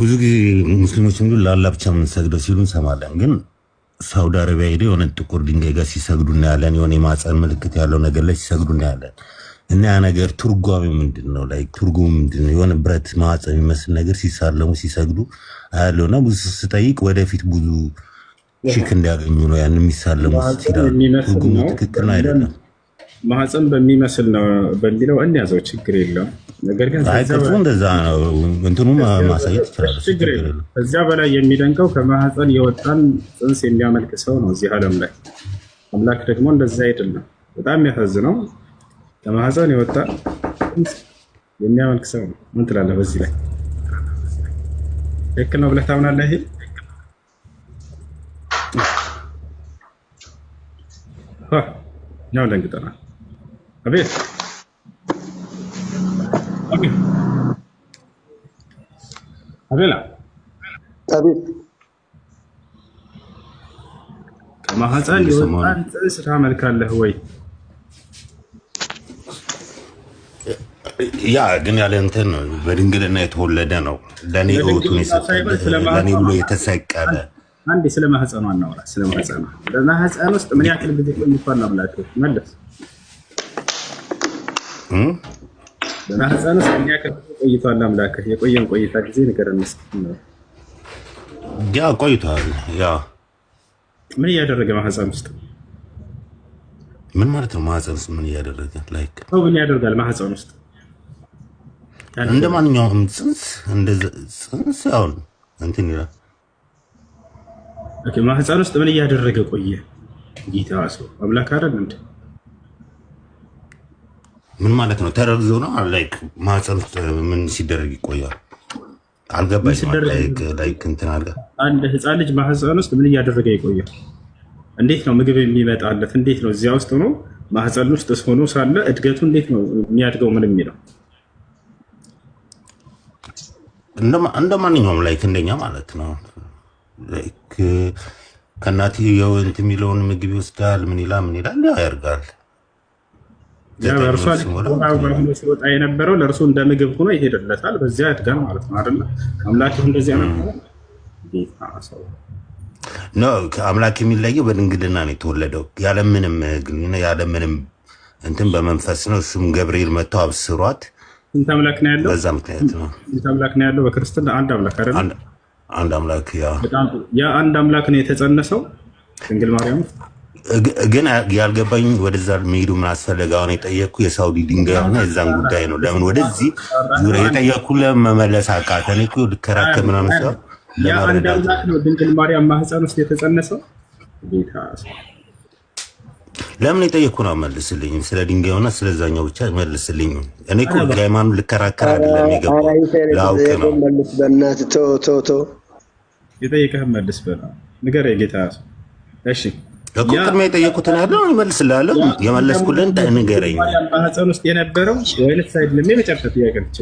ብዙ ጊዜ ሙስሊሞች እንግዲህ ለአላህ ብቻ የምንሰግደው ሲሉ እንሰማለን። ግን ሳውዲ አረቢያ ሄደው የሆነ ጥቁር ድንጋይ ጋር ሲሰግዱ እናያለን። የሆነ የማፀን ምልክት ያለው ነገር ላይ ሲሰግዱ እናያለን። እና ያ ነገር ትርጓሚ ምንድን ነው? ላይ ትርጉም ምንድን ነው? የሆነ ብረት ማፀን የሚመስል ነገር ሲሳለሙ ሲሰግዱ አያለው እና ብዙ ስጠይቅ ወደፊት ብዙ ሽክ እንዲያገኙ ነው ያን የሚሳለሙ ሲላሉ ትርጉሙ ትክክል አይደለም። ማህፀን በሚመስል ነው በሚለው እንያዘው፣ ችግር የለውም። ነገር ግን ቅርጹ እንደዛ ነው፣ እንትኑ ማሳየት ይችላል፣ ችግር የለውም። ከዚያ በላይ የሚደንቀው ከማህፀን የወጣን ፅንስ የሚያመልክ ሰው ነው እዚህ ዓለም ላይ። አምላክ ደግሞ እንደዛ አይደለም። በጣም የሚያሳዝነው ከማህፀን የወጣ ፅንስ የሚያመልክ ሰው ነው። ምን ትላለህ በዚህ ላይ? ትክክል ነው ብለህ ታምናለህ? ይሄ ያው ደንግጠናል። አቤት አቤላ አቤት ከማህፀን የወጣን ጥንስ ታመልካለህ ወይ? ያ ግን ያለ እንትን ነው። በድንግልና የተወለደ ነው። ለእኔ እውቱን ለእኔ ብሎ የተሰቀለ አንዴ ስለ ማህፀኗ እናውራ። ስለ ማህፀኗ በማህፀን ውስጥ ምን ያክል ጊዜ ቆይቷል? አብላችሁ መለስ በማህፀን ውስጥ እኛ ቆይቷል። አምላክ የቆየን ቆይታ ጊዜ ንገረን ያ ቆይቷል። ያ ምን እያደረገ ማህፀን ውስጥ ምን ማለት ነው? ማህፀን ውስጥ ምን እያደረገ ላይክ ሰው ምን ያደርጋል? ማህፀን ውስጥ እንደ ማንኛውም ፅንስ እንደ ፅንስ ያው እንትን ይላል። ኦኬ ማህፀን ውስጥ ምን እያደረገ ቆየ? ጌታ ሰው አምላክ አይደል እንዴ? ምን ማለት ነው? ተረግዞ ነው ላይክ ማህፀን uh, ምን ሲደረግ ይቆያል? አልገባኝ። ላይክ uh, እንትን አለ አንድ ህፃን ልጅ ማህፀን ውስጥ ምን እያደረገ ይቆያል? እንዴት ነው ምግብ የሚመጣለት? እንዴት ነው እዚያ ውስጥ ሆኖ ማህፀን ውስጥ ሆኖ ሳለ እድገቱ እንዴት ነው የሚያድገው? ምን የሚለው እንደ ማንኛውም ላይክ እንደኛ ማለት ነው ላይክ ከእናትየው እንትን የሚለውን ምግብ ይወስዳል። ምን ይላል ምን ይላል ያደርጋል ለእርሷ ሲወጣ የነበረው ለእርሱ እንደ ምግብ ሆኖ ይሄድለታል። በዚያ ያድጋል ማለት ነው አይደለ? አምላክ እንደዚያ ነበረ። አምላክ የሚለየው በድንግልና ነው የተወለደው፣ ያለምንም ያለምንም እንትን በመንፈስ ነው። እሱም ገብርኤል መጥተው አብስሯት። ስንት አምላክ ነው ያለው? በዛ ምክንያት ነው። ስንት አምላክ ነው ያለው? በክርስትና አንድ አምላክ አይደለ? አንድ አምላክ ያ አንድ አምላክ ነው የተጸነሰው ድንግል ማርያም ግን ያልገባኝ ወደዛ መሄዱ ምን አስፈለገ? አሁን የጠየቅኩ የሳውዲ ድንጋይ ሆነ የዛን ጉዳይ ነው። ለምን ወደዚህ ዙሪያ የጠየቅኩ ለመመለስ አቃተን እኔ እኮ ልከራከር ምናምን ሰው ድንግል ማርያም ማህፀን ውስጥ የተጸነሰው ለምን የጠየቅኩ ነው። መልስልኝ፣ ስለ ድንጋይ ሆነ ስለዛኛው ብቻ መልስልኝ። እኔ እኮ ሃይማኖት ልከራከር አይደለም የገባው ላውቅ ነው። መልስ በእናትህ ተው ተው ተው። የጠየቀህን መልስ በላ ንገር የጌታ እሺ እኮ ቅድሚያ ያለ ያለው ይመልስልሃለሁ። የመለስኩልን ንገረኝ። ማህፀን ውስጥ የነበረው ወይነት ሳይድ ለሚ የመጨረሻ ጥያቄ ብቻ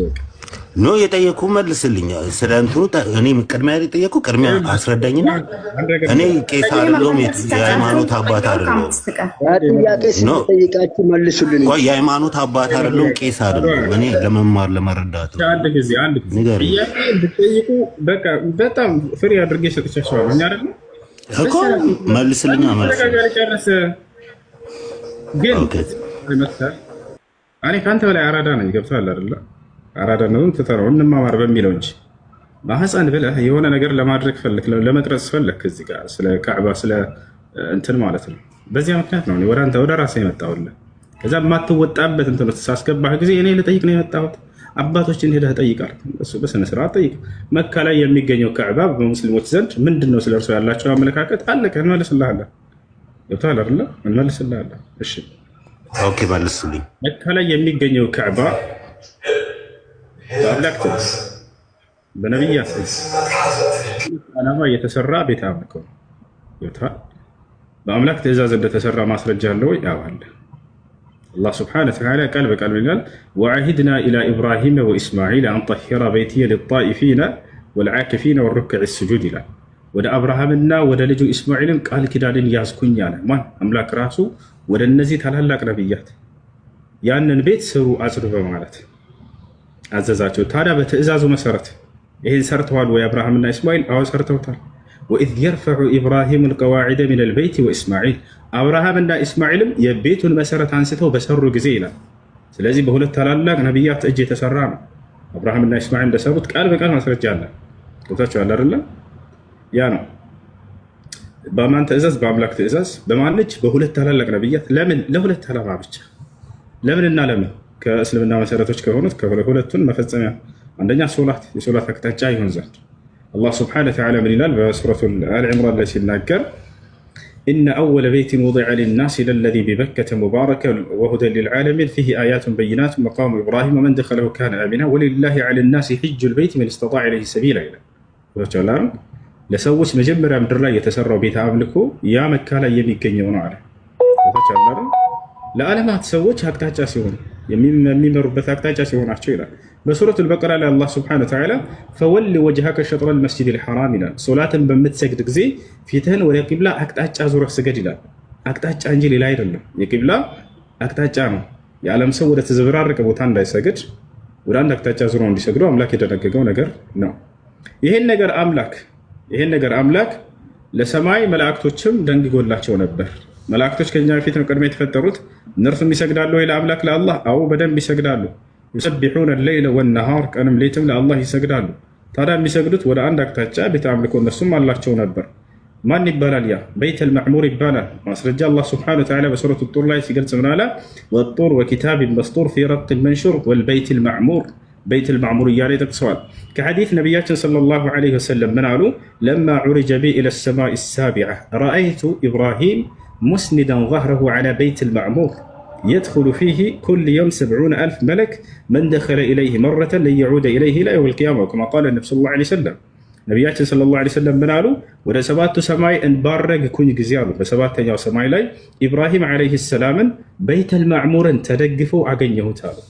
ኖ የጠየኩ መልስልኝ። ስለ እንትኑ እኔ ቅድሚያ የጠየኩ ቅድሚያ አስረዳኝና እኔ ቄስ አይደለሁም የሃይማኖት አባት አይደለሁም። የሃይማኖት አባት አይደለሁም፣ ቄስ አይደለሁም። እኔ ለመማር ለመረዳት አንድ ጊዜ አንድ ጊዜ በቃ በጣም ፍሬ አድርጌ ሰጥቻቸዋለሁ። እኛ ደግሞ እኮ መልስልኛ መልስ ግን እኔ ከአንተ በላይ አራዳ ነኝ። ገብቶሃል አይደለ? ነው ትተነው እንማማር በሚለው እንጂ ማህፀን ብለህ የሆነ ነገር ለማድረግ ፈለክ፣ ለመቅረጽ ፈለክ እዚህ ጋር ስለ ካዕባ ስለ እንትን ማለት ነው። በዚያ ምክንያት ነው ወደ አንተ ወደ ራስህ የመጣሁልህ። ከዛ የማትወጣበት እንትን ሳስገባህ ጊዜ እኔ ልጠይቅ ነው የመጣሁት። አባቶችን ሄደህ ጠይቃል። እሱ በስነስርዓት ጠይቅ። መካ ላይ የሚገኘው ከዕባ በሙስሊሞች ዘንድ ምንድን ነው ስለ እርሱ ያላቸው አመለካከት? አለቀ። እንመልስልሃለን። ገብቶሃል አይደለ? እንመልስልሃለን። እሺ፣ ኦኬ። መልሱልኝ። መካ ላይ የሚገኘው ከዕባ በአምላክ ትእዛዝ በነቢያት ዓላማ የተሰራ ቤተ አምልኮ ነው። ገብቶሃል? በአምላክ ትእዛዝ እንደተሰራ ማስረጃ አለ ወይ? አዎ አለ። አላህ ስብሐነሁ ወተዓላ ቃል በቃል ይላል ወዐሂድና ኢላ ኢብራሂመ ወኢስማዒል አንጠሂራ በይትየ ሊጣኢፊነ ወልዓኪፊነ ወሩክዕ ስጁድ ይላል። ወደ አብርሃምና ወደ ልጁ ኢስማዒልም ቃል ኪዳንን ያዝኩኝ አለ። ማን አምላክ ራሱ ወደ እነዚህ ታላላቅ ነብያት ያንን ቤት ስሩ፣ አጽዱ በማለት አዘዛቸው። ታዲያ በትዕዛዙ መሰረት ይህን ሰርተዋል ወይ አብርሃምና ኢስማኤል አዎ ሰርተውታል። ወኢዝ የርፈዑ ኢብራሂሙ ልቀዋዒደ ሚን ልበይት ወእስማዒል አብርሃም እና ኢስማዒልም የቤቱን መሰረት አንስተው በሰሩ ጊዜ ይላል። ስለዚህ በሁለት ታላላቅ ነቢያት እጅ የተሰራ ነው። አብርሃም እና ኢስማዒል እንደሰሩት ቃል በቃል ማስረጃ አለ። ገብታችኋል አይደለም? ያ ነው በማን ትእዛዝ? በአምላክ ትእዛዝ። በማን እጅ? በሁለት ታላላቅ ነቢያት። ለምን? ለሁለት ዓላማ ብቻ። ለምንና ለምን? ከእስልምና መሰረቶች ከሆኑት ከሁለቱን መፈጸሚያ አንደኛ ሶላት፣ የሶላት አቅጣጫ ይሆን ዘንድ الله سبحانه وتعالى الله بسورة آل عمران التي نذكر إن أول بيت وضع للناس للذي ببكة مباركة وهدى للعالمين فيه آيات بينات مقام إبراهيم ومن دخله كان آمنا ولله على الناس حج البيت من استطاع إليه سبيلا إلى وتعلم ለሰዎች መጀመሪያ ምድር ላይ የተሰራው ቤተ አምልኮ ያ መካ ላይ የሚገኘው ነው አለ። ለዓለማት ሰዎች አቅጣጫ ሲሆን የሚመሩበት አቅጣጫ ሲሆናቸው ይላል በሱረት አልበቀራ ላይ አላህ ስብሐነሁ ወተዓላ ፈወል ወጅሀከ ሸጥረ አልመስጂድ አልሐራም ይላል። ሶላትን በምትሰግድ ጊዜ ፊትህን ወደ ቂብላ አቅጣጫ ዙረህ ስገድ ይላል። አቅጣጫ እንጂ ሌላ አይደለም። የቂብላ አቅጣጫ ነው። የዓለም ሰው ወደ ተዘበራረቀ ቦታ እንዳይሰግድ ወደ አንድ አቅጣጫ ዙሮ እንዲሰግደው አምላክ የደነገገው ነገር ነው። ይህን ነገር አምላክ ይህን ነገር አምላክ ለሰማይ መላእክቶችም ደንግጎላቸው ነበር። መላእክቶች ከኛ በፊት ነው ቀድሞ የተፈጠሩት። እነርሱም ይሰግዳሉ ወይ ለአምላክ ለአላህ? አዎ በደንብ ይሰግዳሉ። يسبحون الليل والنهار كانهم ليتم لله يسجدون ترى مسجدوت ولا عندك تاتشا بتعملكم نسوم الله تشون البر ما نبال يا بيت المعمور بانا ما سرج الله سبحانه وتعالى بسورة الطور لا يسجد سمنالا والطور وكتاب مسطور في رق المنشور والبيت المعمور بيت المعمور يا ريتك سؤال كحديث نبيات صلى الله عليه وسلم من قالوا لما عرج بي الى السماء السابعه رايت ابراهيم مسندا ظهره على بيت المعمور يدخل فيه كل يوم سبعون ألف ملك من دخل إليه مرة لن يعود إليه إلى يوم القيامة كما قال النبي صلى الله عليه وسلم نبياته صلى الله عليه وسلم منالو ولا سبات سماي ان بارك كون جزيانو بسبات يا سماي لاي ابراهيم عليه السلام بيت المعمور ان تدقفوا اغنيه تعالى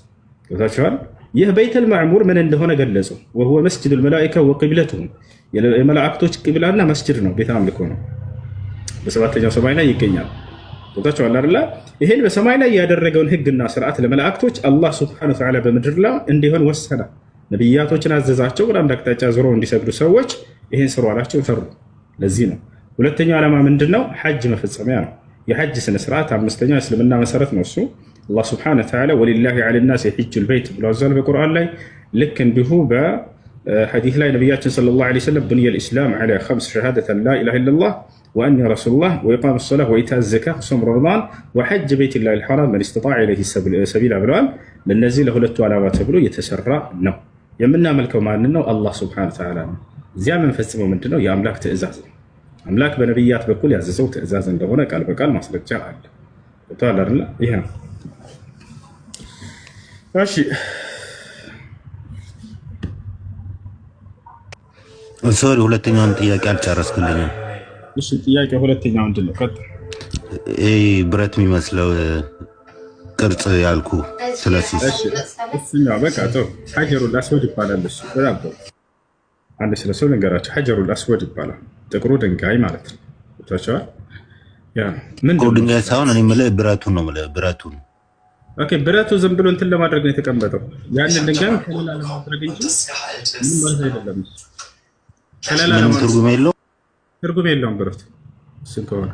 فهمتوا يه بيت المعمور من اللي هنا جلسوا وهو مسجد الملائكه وقبلتهم يعني الملائكه قبلنا مسجدنا بيت عملكونه بسبات يا سماي لاي يكينيال. ቦታቸዋል አደለ? ይሄን በሰማይ ላይ ያደረገውን ህግና ስርዓት ለመላእክቶች አላህ ስብሐነሁ ወተዓላ በምድር ላይ እንዲሆን ወሰነ። ነቢያቶችን አዘዛቸው። ወደ አንድ አቅጣጫ ዞሮ እንዲሰግዱ ሰዎች ይሄን ስሩ አላቸው፣ ሰሩ። ለዚህ ነው ሁለተኛው ዓላማ ምንድን ነው? ሐጅ መፈጸሚያ ነው። የሐጅ ስነስርዓት አምስተኛው እስልምና መሰረት ነው። እሱ አላህ ስብሐነሁ ወተዓላ ወሊላሂ ዐለናስ የሒጁል በይት ብሎ አዟል በቁርአን ላይ ልክ እንዲሁ حديث لا نبيات صلى الله عليه وسلم بني الاسلام على خمس شهادة لا اله الا الله واني رسول الله واقام الصلاة وايتاء الزكاة وصوم رمضان وحج بيت الله الحرام من استطاع اليه سبيل ابرال من نزله لتو على واتبلو يتسرى نو يمنا ملكه ما نو الله سبحانه وتعالى زي ما نفسمه من تنو يا املاك تعزاز املاك بنبيات بقول بكل يعززوا تعزاز هنا قال بقال ما صدق جاء تعالى الله ايه ماشي ሶሪ ሁለተኛውን ጥያቄ አልጨረስክልኝም። እሺ ጥያቄ ሁለተኛው ምንድን ነው? ቀጥል። ይሄ ብረት የሚመስለው ቅርጽ ያልኩ ስለሱ በቃ ጥሩ። ሀጀሩል አስወድ ይባላል እሱ። በጣም ጥሩ። አንድ ስለ ሰው ልንገራቸው። ሀጀሩል አስወድ ይባላል ጥቁሩ ድንጋይ ማለት ነው። ታቸዋል ጥቁሩ ድንጋይ ሳይሆን እኔ የምልህ ብረቱን ነው የምልህ ብረቱን ኦኬ ብረቱ ዝም ብሎ እንትን ለማድረግ ነው የተቀመጠው። ያንን ድንጋይ ከሌላ ለማድረግ እንጂ ምን ማለት አይደለም። ነው ትርጉም የለው ትርጉም የለውም። ብሩት እሱ ከሆነ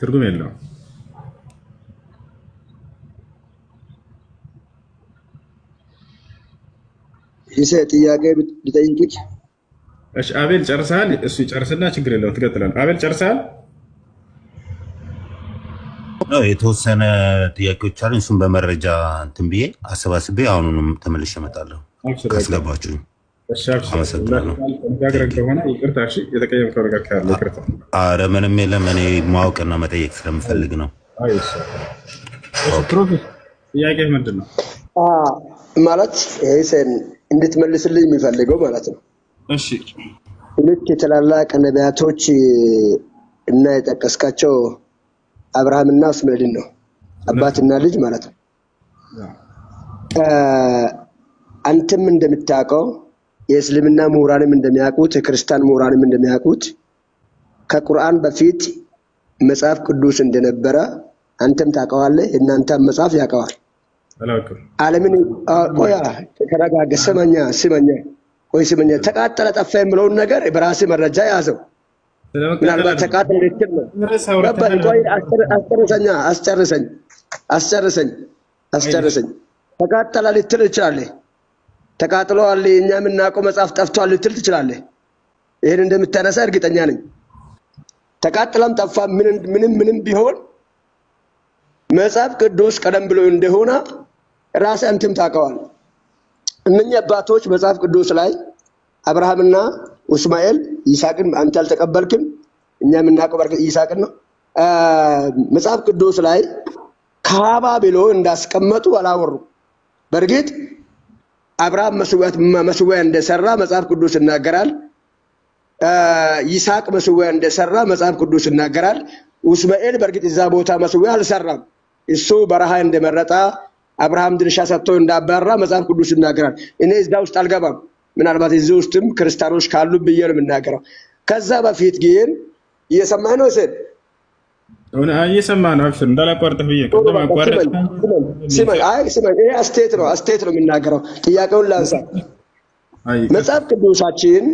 ትርጉም የለውም። ይሰ ጥያቄ ብጠይቅ፣ እሺ አቤል ጨርሰሃል? እሱ ይጨርስና ችግር የለውም ትቀጥላለህ። አቤል ጨርሰሃል? የተወሰነ ጥያቄዎች አሉ። እሱም በመረጃ እንትን ብዬ አሰባስቤ አሁኑንም ተመልሼ እመጣለሁ ካስገባችሁኝ ኧረ ምንም የለም። እኔ ማወቅና መጠየቅ ስለምፈልግ ነው። ጥያቄ ምንድን ነው ማለት ይህን እንድትመልስልኝ የሚፈልገው ማለት ነው። እሺ ልክ የተላላቅ ነቢያቶች እና የጠቀስካቸው አብርሃምና እስማኤልን ነው አባትና ልጅ ማለት ነው። አንተም እንደምታውቀው የእስልምና ምሁራንም እንደሚያውቁት የክርስቲያን ምሁራንም እንደሚያውቁት ከቁርአን በፊት መጽሐፍ ቅዱስ እንደነበረ አንተም ታውቀዋለህ፣ እናንተም መጽሐፍ ያውቀዋል። ዓለምን ቆያ ተረጋገ። ስመኛ ስመኛ ወይ ስመኛ ተቃጠለ ጠፋ የምለውን ነገር በራሴ መረጃ ያዘው። ምናልባት ተቃጠለ ልትል ነው። አስጨርሰኝ አስጨርሰኝ አስጨርሰኝ ተቃጠለ ልትል ይችላለህ ተቃጥለዋል፣ እኛ የምናውቀው መጽሐፍ ጠፍቷል ልትል ትችላለህ። ይህን እንደምታነሳ እርግጠኛ ነኝ። ተቃጥላም ጠፋ ምንም ምንም ቢሆን መጽሐፍ ቅዱስ ቀደም ብሎ እንደሆነ ራስ አንተም ታውቀዋል። እነኚህ አባቶች መጽሐፍ ቅዱስ ላይ አብርሃምና እስማኤል ይስሐቅን አንተ አልተቀበልክም፣ እኛ የምናውቀው በርግጥ ይስሐቅን ነው። መጽሐፍ ቅዱስ ላይ ካባ ብሎ እንዳስቀመጡ አላወሩ። በእርግጥ አብርሃም መስዋያ እንደሰራ መጽሐፍ ቅዱስ ይናገራል። ይስሐቅ መስዋያ እንደሰራ መጽሐፍ ቅዱስ ይናገራል። ኡስማኤል በእርግጥ እዛ ቦታ መስዋያ አልሰራም። እሱ በረሃ እንደመረጣ አብርሃም ድርሻ ሰጥቶ እንዳባራ መጽሐፍ ቅዱስ ይናገራል። እኔ እዛ ውስጥ አልገባም። ምናልባት እዚህ ውስጥም ክርስቲያኖች ካሉ ብዬ ነው የምናገረው። ከዛ በፊት ግን እየሰማህ ነው ሴት እየሰማህ ነው እንዳላቋርጥህ ብዬ ቅድም አቋረጥ ስማኝ፣ አይ ነው አስተያየት ነው የሚናገረው። ጥያቄውን ላንሳ። መጽሐፍ ቅዱሳችን